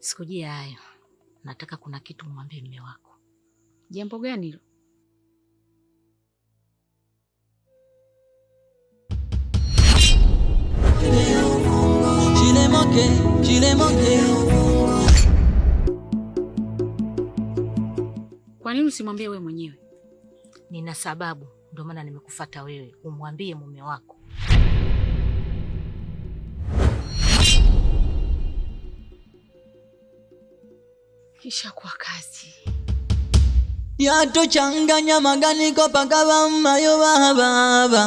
Sikujia hayo. Nataka kuna kitu mwambie mme wako. Jambo gani hilo? Kwa nini usimwambie wewe mwenyewe? Nina sababu, ndio maana nimekufata wewe, umwambie mume wako. kisha kwa kazi yatochanganya maganiko pakavammayo vavava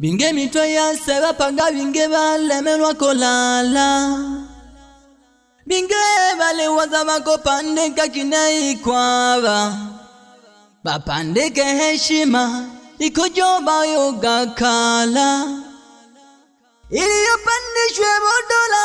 vinge mitwe yase vapaga vinge valemelwa kolala vinge valiwaza vakopandika kinaikwava vapandike heshima ikojobayogakala ili upandishwe bodola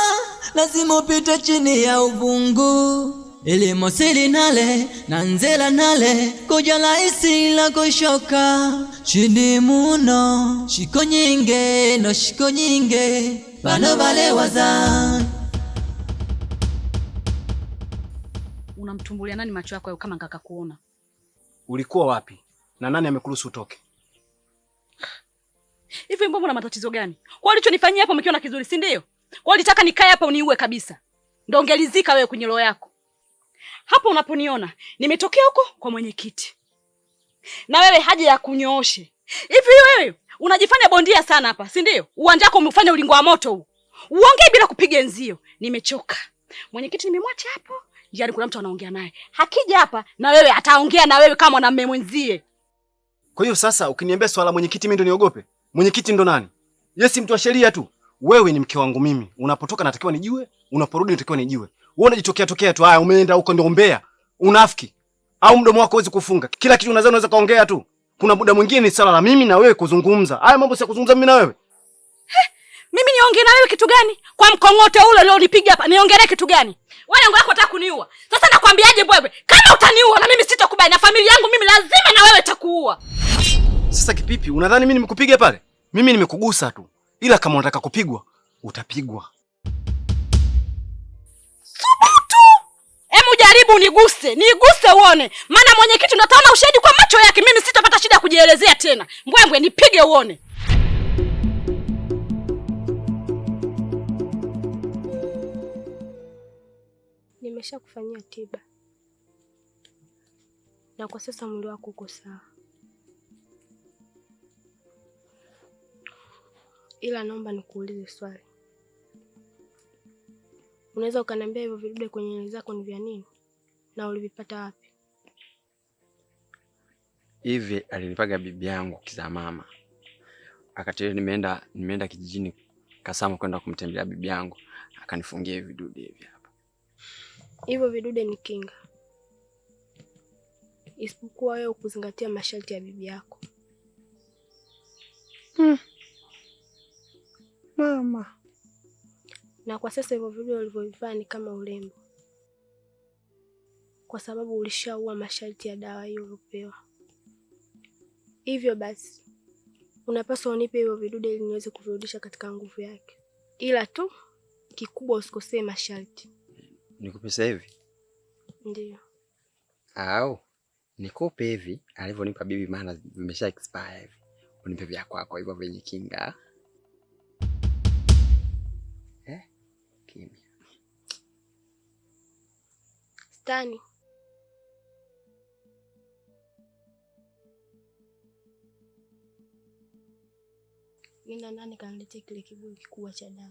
lazima upite chini ya uvungu ili mosili nale na nzela nale kuja laisi la kushoka chini muno shiko nyinge no shiko nyinge bano bale waza unamtumbulia nani macho yako kama ngaka kuona ulikuwa wapi na nani amekuruhusu utoke Hivi mbona una matatizo gani? Kwa ulichonifanyia hapo umekiona kizuri, si ndio? Kwa ulitaka nikae hapa uniue kabisa. Ndio ungelizika wewe kwenye roho yako. Hapo unaponiona, nimetokea huko kwa mwenyekiti. Na wewe haja ya kunyooshe. Hivi wewe unajifanya bondia sana hapa, si ndio? Uwanja wako umefanya ulingo wa moto huu. Uongee bila kupiga nzio. Nimechoka. Mwenyekiti nimemwacha hapo. Yaani kuna mtu anaongea naye. Hakija hapa na wewe ataongea na wewe kama mwanamume mwenzie. Kwa hiyo sasa ukiniambia swala mwenyekiti mimi ndio niogope? Mwenyekiti ndo nani? Yesi mtu wa sheria tu. Wewe ni mke wangu mimi. Unapotoka natakiwa nijue, unaporudi natakiwa nijue. Wewe unajitokea tokea tu. Haya, umeenda huko ndio umbea. Unafiki. Au mdomo wako huwezi kufunga. Kila kitu unazao unaweza kaongea tu. Kuna muda mwingine ni sala la mimi na wewe kuzungumza. Haya mambo si kuzungumza mimi na wewe. He, mimi niongee na wewe kitu gani? Kwa mkongote ule leo unipiga hapa. Niongelee kitu gani? Wewe ngo yako unataka kuniua. Sasa nakwambiaje wewe? Kama utaniua na mimi sitakubali na familia yangu mimi lazima na wewe takuua. Sasa Kipipi, unadhani mimi nimekupiga pale? Mimi nimekugusa tu, ila kama unataka kupigwa utapigwa. Thubutu! Hebu jaribu niguse, niguse uone, maana mwenyekiti ndo ushahidi kwa macho yake. Mimi sitapata shida ya kujielezea tena. Mbwembwe, nipige uone. Nimeshakufanyia tiba na kwa sasa mwili wako uko sawa. ila naomba nikuulize swali. Unaweza ukaniambia hivyo vidude kwenye nywele zako ni vya nini na ulivipata wapi? Hivi alinipaga bibi yangu kiza mama, akati nimeenda nimeenda kijijini Kasama kwenda kumtembelea bibi yangu, akanifungia hivi vidude hivi hapa. Hivyo vidude ni kinga, isipokuwa wewe kuzingatia masharti ya bibi yako. Hmm mama, na kwa sasa hivyo vile ulivyovivaa ni kama urembo, kwa sababu ulishaua masharti ya dawa hiyo uliopewa. Hivyo basi unapaswa unipe hivyo vidude ili niweze kuvirudisha katika nguvu yake, ila tu kikubwa usikosee masharti. Nikupe sasa hivi? Ndio au nikupe hivi alivyonipa bibi, maana vimesha expire hivi, unipe vya kwako hivyo vyenye kinga bustani nenda ndani kanilete kile kibuyu kikubwa cha dawa.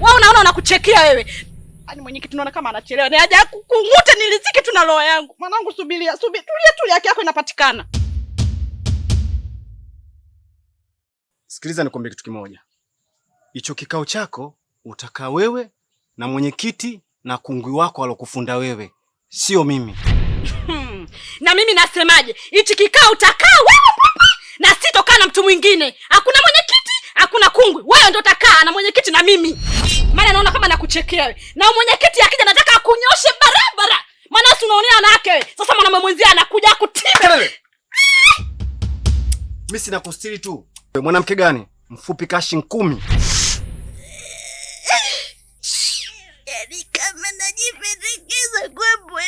Wewe unaona unakuchekea wewe. Yaani mwenyekiti tunaona kama anachelewa. Ni haja kukungute niliziki tu na roho yangu. Mwanangu, subiria, subiri. Tulia yake yako inapatikana. Sikiliza nikwambie kitu kimoja, hicho kikao chako utakaa wewe na mwenyekiti na kungwi wako alokufunda wewe, sio mimi. na mimi nasemaje? Hichi kikao utakaa wewe papa, na sitokaa na mtu mwingine. Hakuna mwenyekiti, hakuna kungwi, wewe ndo utakaa na mwenyekiti na mimi, maana naona kama nakuchekea wewe. Na mwenyekiti akija nataka akunyoshe barabara, maana si unaonea wanawake wewe. Sasa mwanaume mwenzie anakuja akutibe mimi sina kustiri tu. Mwanamke gani? Mfupi kashi nkumi. Yaani kama kwa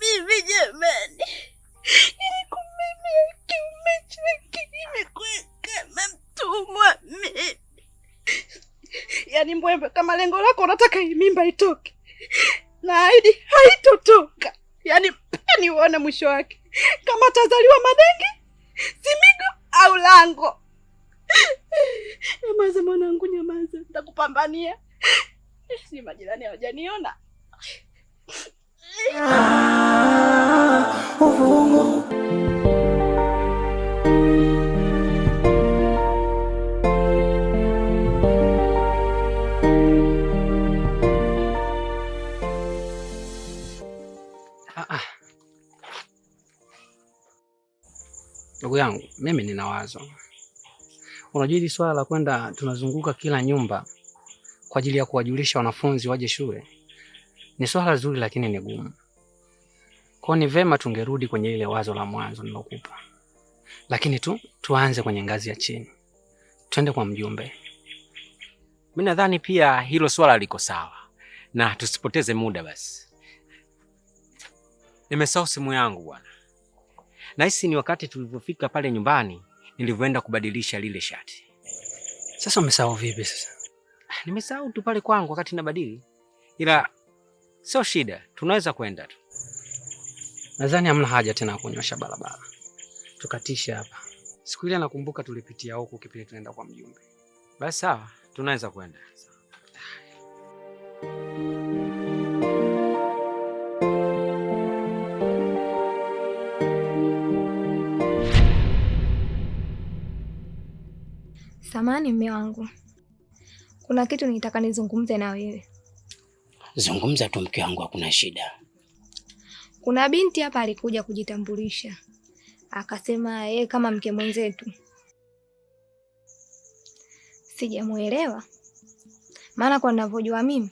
mimi jamani. Yaani kama mtumwa yaani kama lengo lako unataka hii mimba itoke. Naahidi haitotoka. Yaani nione mwisho wake. Kama tazaliwa madenge, simigo au lango. Nyamaza mwanangu, nyamaza, nitakupambania. Si majirani hawajaniona. Ah, uvungu ndugu yangu, mimi nina wazo. Unajua hili swala la kwenda tunazunguka kila nyumba kwa ajili ya kuwajulisha wanafunzi waje shule ni swala zuri, lakini ni gumu. Kwa ni vema tungerudi kwenye ile wazo la mwanzo nilokupa, lakini tu tuanze kwenye ngazi ya chini, twende kwa mjumbe. Mi nadhani pia hilo swala liko sawa, na tusipoteze muda basi. Nimesahau simu yangu bwana na hisi ni wakati tulivyofika pale nyumbani nilivyoenda kubadilisha lile shati. Sasa umesahau vipi sasa? Ah, nimesahau tu pale kwangu wakati nabadili, ila sio shida, tunaweza kwenda tu. Nadhani hamna haja tena ya kunyosha barabara, tukatishe hapa. Siku ile nakumbuka tulipitia huku kipindi tunaenda kwa mjumbe. Basi sawa, tunaweza kwenda. Samani mme wangu, kuna kitu nitaka nizungumze na wewe. Zungumza tu mke wangu, hakuna shida. Kuna binti hapa alikuja kujitambulisha, akasema yeye kama mke mwenzetu. Sijamuelewa, maana kwa ninavyojua mimi,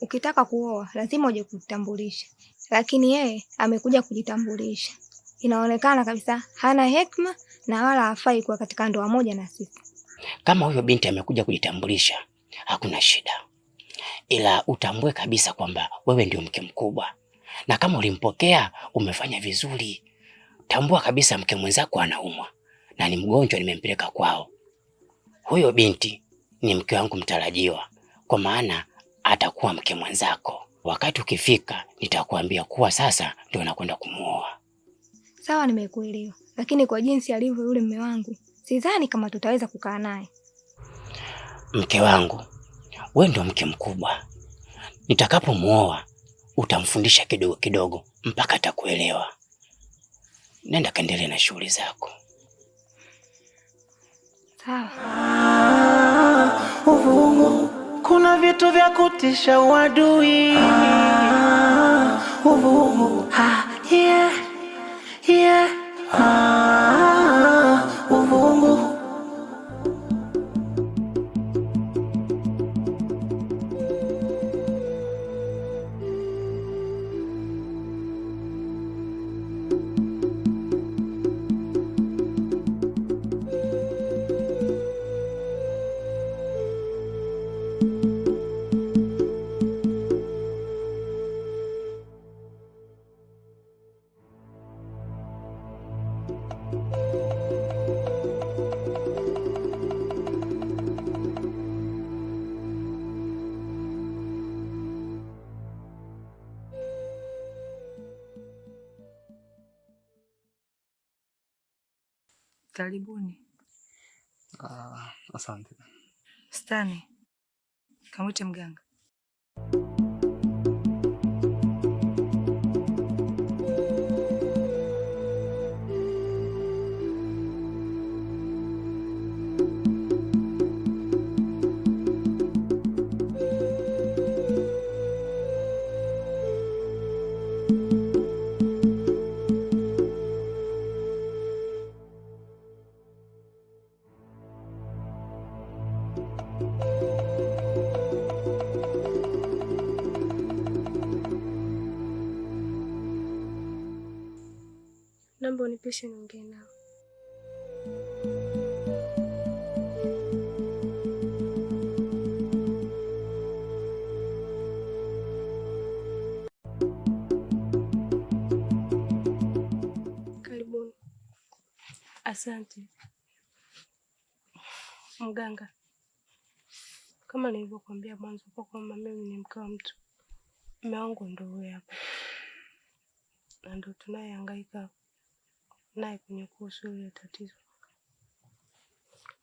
ukitaka kuoa lazima uje kujitambulisha, lakini yeye amekuja kujitambulisha. Inaonekana kabisa hana hekima na wala hafai kuwa katika ndoa moja na sisi. Kama huyo binti amekuja kujitambulisha, hakuna shida, ila utambue kabisa kwamba wewe ndio mke mkubwa, na kama ulimpokea umefanya vizuri. Tambua kabisa mke mwenzako anaumwa na ni mgonjwa, nimempeleka kwao. Huyo binti ni mke wangu mtarajiwa, kwa maana atakuwa mke mwenzako. Wakati ukifika, nitakuambia kuwa sasa ndio nakwenda kumuoa. Sawa, nimekuelewa, lakini kwa jinsi alivyo yule mume wangu sidhani kama tutaweza kukaa naye. Mke wangu, we ndio mke mkubwa, nitakapomwoa utamfundisha kidogo kidogo mpaka atakuelewa. Nenda kaendelee na shughuli zako. Ah, uvungu, kuna vitu vya kutisha uadui. Ah, uvungu, ah, yeah, yeah, ah. Karibuni. Ah, asante. Stani, kamwite mganga. naomba unipishe niongee nao. Karibuni. Asante mganga. Kama nilivyokuambia mwanzo kwa kwamba mimi ni mke wa mtu, mume wangu ndo huyo hapa, na ndo tunayehangaika naye kwenye kuhusu hilo tatizo.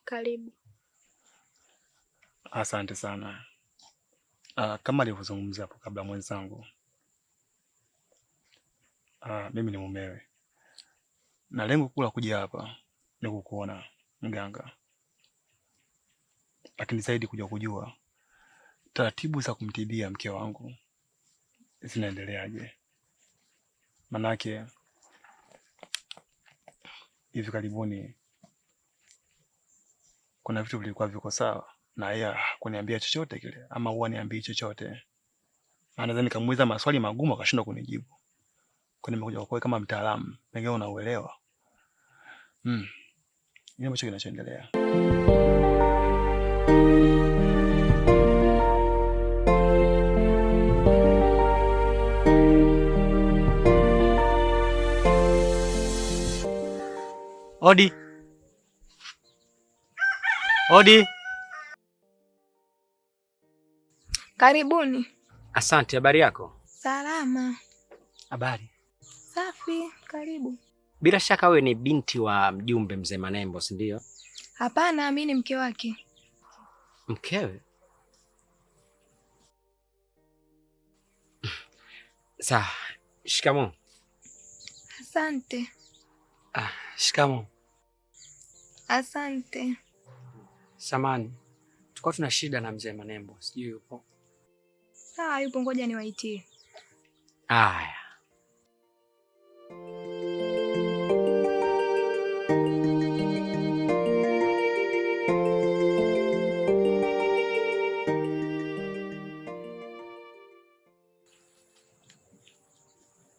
Karibu. Asante sana. Uh, kama alivyozungumza hapo kabla mwenzangu, uh, mimi ni mumewe na lengo kuu la kuja hapa ni kukuona mganga, lakini zaidi kuja kujua taratibu za kumtibia mke wangu zinaendeleaje, manake hivi karibuni kuna vitu vilikuwa viko sawa na yeye kuniambia chochote kile, ama huwa niambii chochote. Anaweza nikamuuliza maswali magumu akashindwa kunijibu. Kwa nimekuja kwa kama mtaalamu, pengine unauelewa mm, ambacho kinachoendelea Odi. Odi. Karibuni. Asante, habari yako? Salama. Habari? Safi, karibu. Bila shaka wewe ni binti wa mjumbe mzee Manembo, si ndio? Hapana, mimi ni mke wake. Mkewe? Sawa. Shikamoo. Asante. Ah shikamo Asante. Samani, tulikuwa tuna shida na mzee Manembo, sijui yupo? Sawa, ah, yupo, ngoja niwaitie. Haya.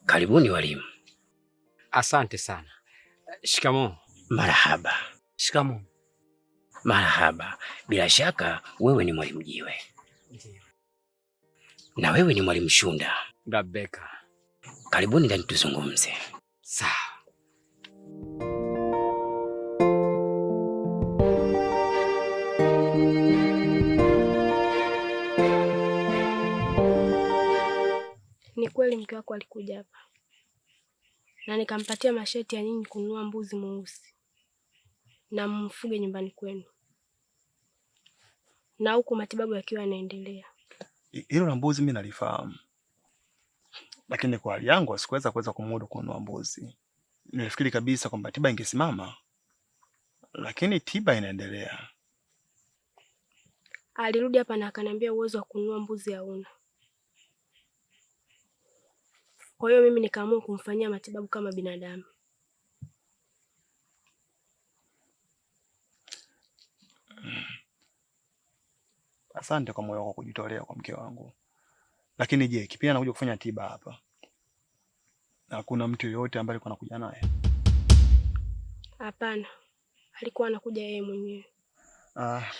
Karibuni walimu. Asante sana. Shikamoo. Marahaba. Shikamoo. Marahaba. Bila shaka wewe ni mwalimu Jiwe. Ndiyo. Na wewe ni mwalimu Shunda. Gabeka. Karibuni ndani tuzungumze. Sawa. Ni kweli mke wako alikuja hapa? na nikampatia masharti ya nyinyi kununua mbuzi mweusi na mfuge nyumbani kwenu, na huku matibabu yakiwa yanaendelea. Hilo la mbuzi mimi nalifahamu, lakini kwa hali yangu sikuweza kuweza kumudu kununua mbuzi. Nilifikiri kabisa kwamba tiba ingesimama, lakini tiba inaendelea. Alirudi hapa na akaniambia uwezo wa kununua mbuzi hauna. Kwa hiyo mimi nikaamua kumfanyia matibabu kama binadamu. Asante kwa moyo wako kujitolea kwa mke wangu. Lakini je, kipindi anakuja kufanya tiba hapa, hakuna mtu yoyote ambaye alikuwa anakuja naye? Hapana, alikuwa anakuja yeye mwenyewe. Ah,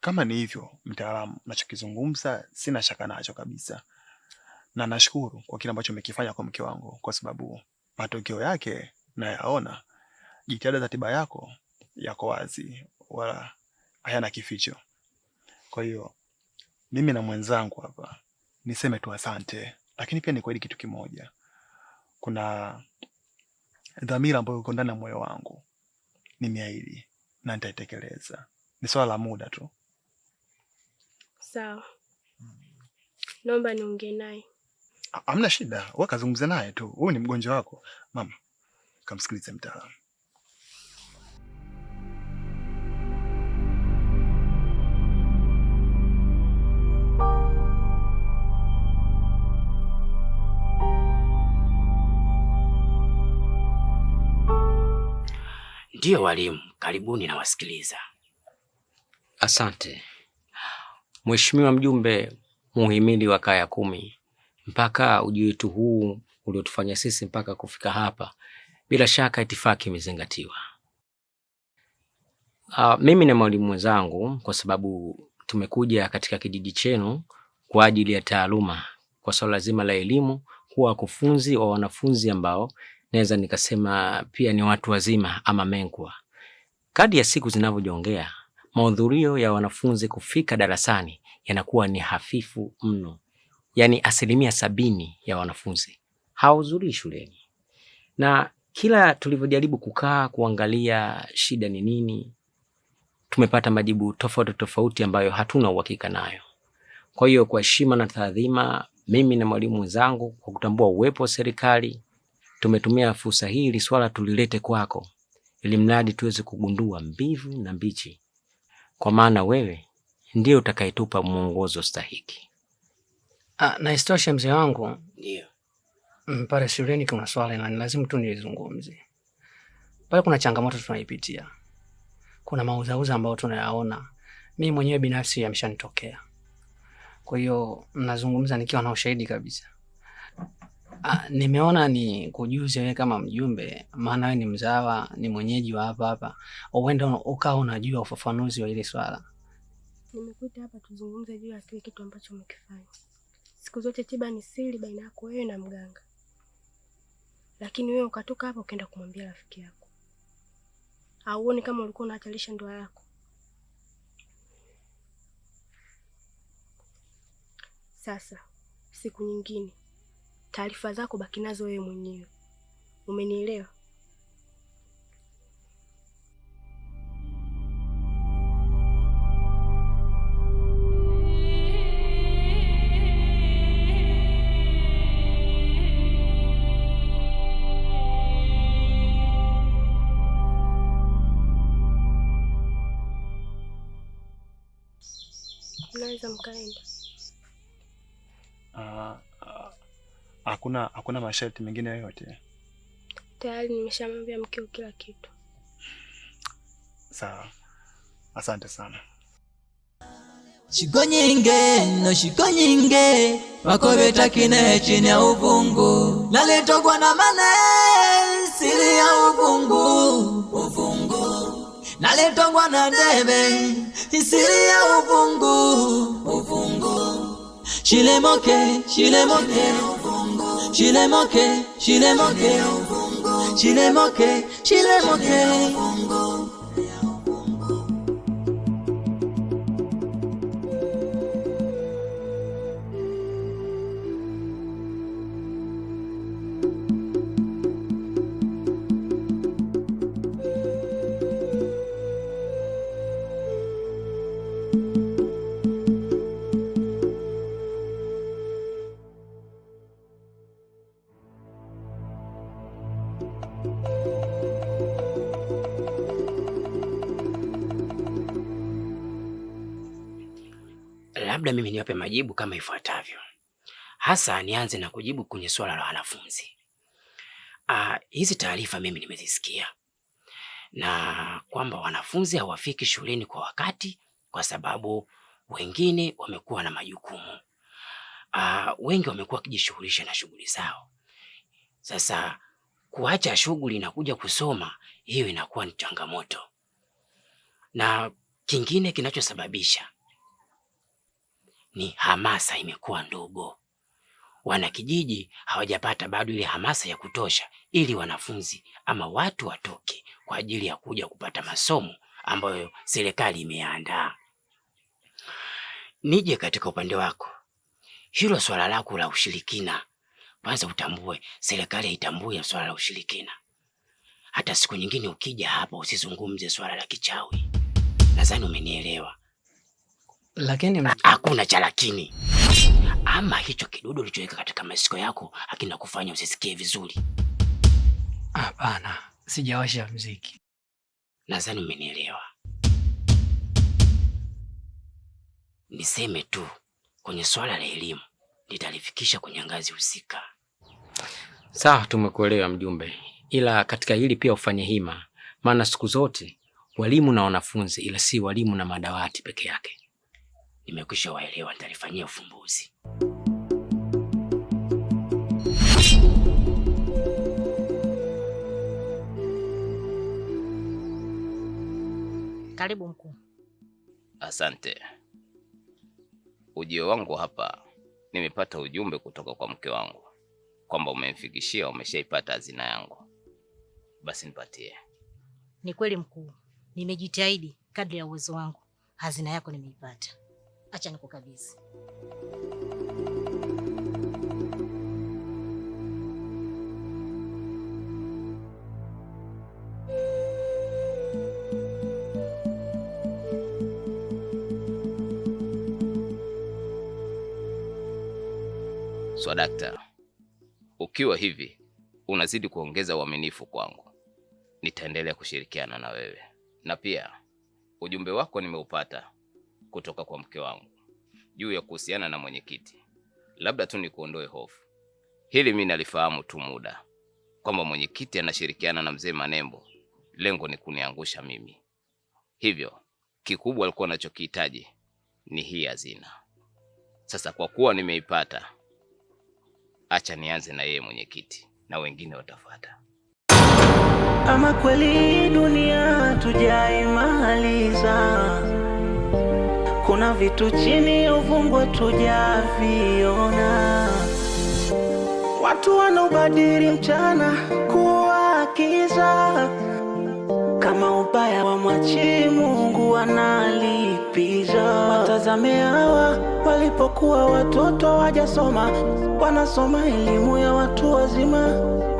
kama ni hivyo mtaalamu, nachokizungumza sina shaka nacho kabisa, na nashukuru kwa kile ambacho umekifanya kwa mke wangu, kwa sababu matokeo yake nayaona. Jitihada za tiba yako yako wazi, wala hayana kificho. Kwa hiyo mimi na mwenzangu hapa niseme tu asante, lakini pia ni kweli kitu kimoja, kuna dhamira ambayo iko ndani ya moyo wangu, nimeahidi na nitaitekeleza. Ni swala la muda tu. Sawa, naomba niongee naye. Hamna shida, wewe kazungumza naye tu, huyu ni mgonjwa wako mama, kamsikilize mtaalamu. Ndiyo walimu, karibuni na wasikiliza. Asante Mheshimiwa mjumbe muhimili wa kaya kumi, mpaka uji wetu huu uliotufanya sisi mpaka kufika hapa, bila shaka itifaki imezingatiwa. Uh, mimi na mwalimu wenzangu, kwa sababu tumekuja katika kijiji chenu kwa ajili ya taaluma, kwa swala zima la elimu, kuwa wakufunzi wa wanafunzi ambao naweza nikasema pia ni watu wazima ama menkwa Kadi ya siku zinavyojongea mahudhurio ya wanafunzi kufika darasani yanakuwa ni hafifu mno yani asilimia sabini ya wanafunzi hawahudhurii shuleni, na kila tulivyojaribu kukaa kuangalia shida ni nini, tumepata majibu tofauti tofauti ambayo hatuna uhakika nayo. Kwa hiyo kwa heshima na taadhima, mimi na mwalimu wenzangu, kwa kutambua uwepo wa serikali, tumetumia fursa hii ili swala tulilete kwako, ili mradi tuweze kugundua mbivu na mbichi, kwa maana wewe ndiye utakayetupa mwongozo stahiki. Ah, na istoshe mzee wangu. Ndio. Mm, pale shuleni kuna swala na lazima tu nilizungumze. Pale kuna changamoto tunaipitia. Kuna mauzauza ambayo tunayaona. Mimi mwenyewe binafsi yameshanitokea. Kwa hiyo nazungumza nikiwa na ushahidi kabisa. A, ah, nimeona ni kujuze wewe kama mjumbe, maana wewe ni mzawa, ni mwenyeji wa hapa hapa. Uenda ukawa unajua ufafanuzi wa ile swala. Nimekuita hapa tuzungumze juu ya kile kitu ambacho umekifanya. Siku zote tiba ni siri baina yako wewe na mganga, lakini wewe ukatoka hapo ukaenda kumwambia rafiki yako, auoni kama ulikuwa unahatarisha ndoa yako? Sasa siku nyingine taarifa zako baki nazo wewe mwenyewe, umenielewa? hakuna hakuna masharti mengine yoyote? Tayari nimeshamwambia mkeo kila kitu. Sawa, asante sana. Shiko nyinge no shiko nyinge wakobeta kine chini ya uvungu naletogwa na mane siri ya uvungu uvungu naletogwa na debe siri ya uvungu uvungu shilemoke shilemoke she le moque, she le moque, she le moque, she labda mimi niwape majibu kama ifuatavyo. Hasa nianze na kujibu kwenye swala la wanafunzi. Ah, hizi taarifa mimi nimezisikia na kwamba wanafunzi hawafiki shuleni kwa wakati kwa sababu wengine wamekuwa na majukumu. Ah, wengi wamekuwa wakijishughulisha na shughuli zao. Sasa kuacha shughuli na kuja kusoma, hiyo inakuwa ni changamoto. Na kingine kinachosababisha ni hamasa imekuwa ndogo. Wanakijiji hawajapata bado ile hamasa ya kutosha, ili wanafunzi ama watu watoke kwa ajili ya kuja kupata masomo ambayo serikali imeandaa. Nije katika upande wako, hilo swala lako la ushirikina, kwanza utambue serikali haitambui swala la ushirikina. Hata siku nyingine ukija hapa usizungumze swala la kichawi, nadhani umenielewa. Lakini hakuna cha lakini, ama hicho kidudu ulichoweka katika masikio yako hakina kufanya usisikie vizuri. Hapana, sijawasha mziki. Nadhani umenielewa. Niseme tu kwenye swala la elimu nitalifikisha kwenye ngazi husika. Sawa, tumekuelewa mjumbe, ila katika hili pia ufanye hima, maana siku zote walimu na wanafunzi, ila si walimu na madawati peke yake. Nimekwisha waelewa, nitalifanyia ufumbuzi. Karibu mkuu. Asante. Ujio wangu hapa, nimepata ujumbe kutoka kwa mke wangu kwamba umemfikishia, umeshaipata hazina yangu, basi nipatie. Ni kweli mkuu, nimejitahidi kadri ya uwezo wangu, hazina yako nimeipata acha nikukabidhi. dakta, ukiwa hivi unazidi kuongeza uaminifu kwangu, nitaendelea kushirikiana na wewe, na pia ujumbe wako nimeupata kutoka kwa mke wangu juu ya kuhusiana na mwenyekiti. Labda tu nikuondoe hofu, hili mimi nalifahamu tu muda kwamba mwenyekiti anashirikiana na mzee Manembo, lengo ni kuniangusha mimi. Hivyo kikubwa alikuwa anachokihitaji ni hii hazina. Sasa kwa kuwa nimeipata, acha nianze na yeye mwenyekiti, na wengine watafuata. Ama kweli dunia tujaimaliza kuna vitu chini uvungu tujaviona, watu wanaubadili mchana kuwa kiza. Kama ubaya wa mwachi Mungu analipiza. Watazame hawa walipokuwa watoto wajasoma, wanasoma elimu ya watu wazima,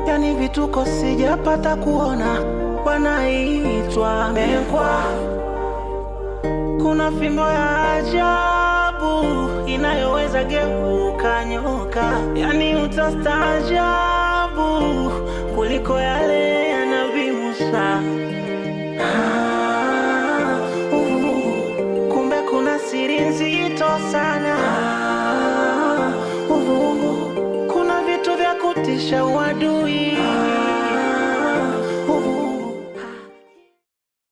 yani vituko sijapata kuona, wanaitwa mekwa kuna fimbo ya ajabu inayoweza geuka nyoka, yani utastaajabu kuliko yale yanaviusa ah, uh, kumbe kuna siri nzito sana. Ah, uhu, kuna vitu vya kutisha uadui.